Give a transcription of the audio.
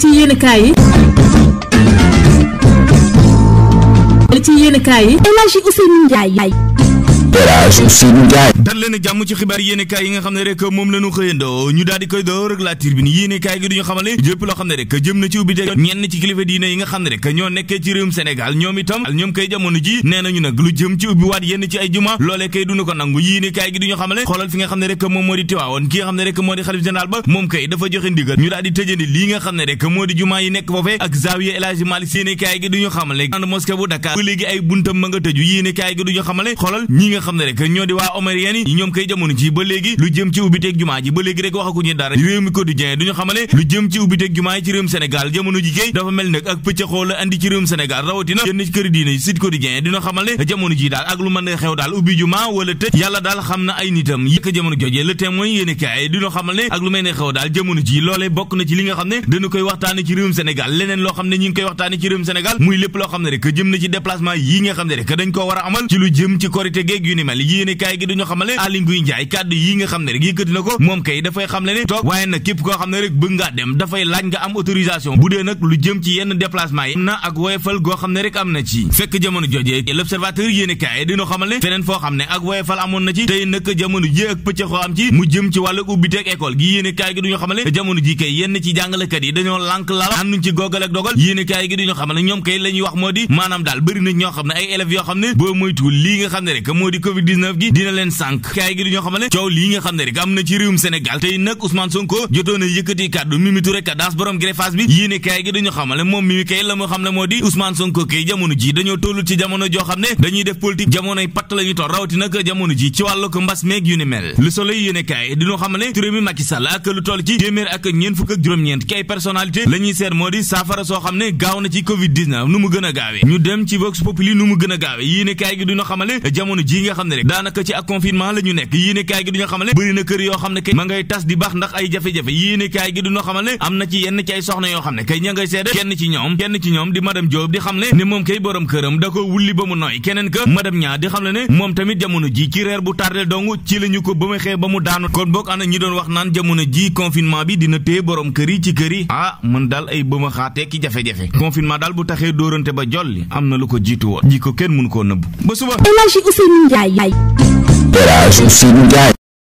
ci yenn kaay yi. ci yenn yi. El Elhadji Ousseynou Ndiaye dal leen jàmm ci xibaar yéenekaay yi nga xam ne rek moom la ñu xëyandoo ñu daal koy door ak xam ne rek jëm na ci ubbi te ñenn ci kilifa diine yi nga xam ne rek ñoo nekkee ci réewum Sénégal ñoom itam ñoom ay juma loolee nga xam ne moo di tiwaawoon ki moo di xalif général ba moom kay dafa joxe ndigal ñu daal di tëjandi yi duñu xamale and mosquée nga nga xam ne rek ñoo di waa Omariens yi ñoom kay jamono ji ba léegi lu jëm ci ubbiteeg jumaa ji ba léegi rek waxaguñu dara réew mi quotidien duñu xamale lu jëm ci ubbiteeg jumaa ci réewum Sénégal jamono ji kay xamal ne ak lu mel ne xew daal jamono ji loolee bokk na ci li nga xam ne dañu koy waxtaane ci réewum Sénégal leneen loo xam ne ñi ngi koy waxtaane ci réewum Sénégal muy lépp loo xam ne rek jëm na ci déplacement yi nga xam ne rek dañ ko war ci yeeg yu ni mel yéene gi duñu xamale Aly Ngouille Ndiaye yi nga xam ne rek yëkkati ko moom kay dafay xamle ne toog waaye nag képp koo xam ne rek am na ci fekk jamono joojee l'observateur yéene kaay gi duñu xamale jamono ji kay yenn ci jàngalekat yi dañoo lànk lala ànduñ ci googal ak dogal yéene kaay gi duñu xamale ñoom kay la wax moo di maanaam daal bëri na ñoo xam ne ay élèves yoo xam ne boo moytuwul lii nga xam ne rek moo ci réewum ko mbas meeg yu ni mel Le Soleil yéene kaay diñu xamal ne turé mi ak lu toll ci téeméer ak ñeent fukk ak juróom-ñeent ki ay personnalité seet moo di saafara soo xam ne gaaw na ci covid 19 nu mu gën a ñu dem ci Vox Populi nu mu gën a gaawee yéene kaay gi xamale jamono ji yi nga xam ne rek daanaka ci ak confinement la nekk yéenekaay gi duñu xamal ne kër yoo xam ne kay ma ngay tas di baax ndax ay jafe-jafe yéenekaay gi duñu xamal am na ci yenn ci ay soxna yoo xam ne kay ña ngay seede kenn ci ñoom kenn ci ñoom di madame Diop di xam ne ne moom kay borom këram da ko wulli ba mu nooy keneen ka madame ñaa di xam ne ne moom tamit jamono ji ci reer bu tardé dong ci la ko ba mu xee ba mu daanu kon boog ana ñi doon wax naan jamono ji confinement bi dina téye borom kër yi ci kër yi ah mën daal ay ba ma xaatee ki jafe-jafe daal bu taxee dóorante ba jolli am na lu ko jiitu woon ji ko kenn mënu koo nëbb ba suba Verás o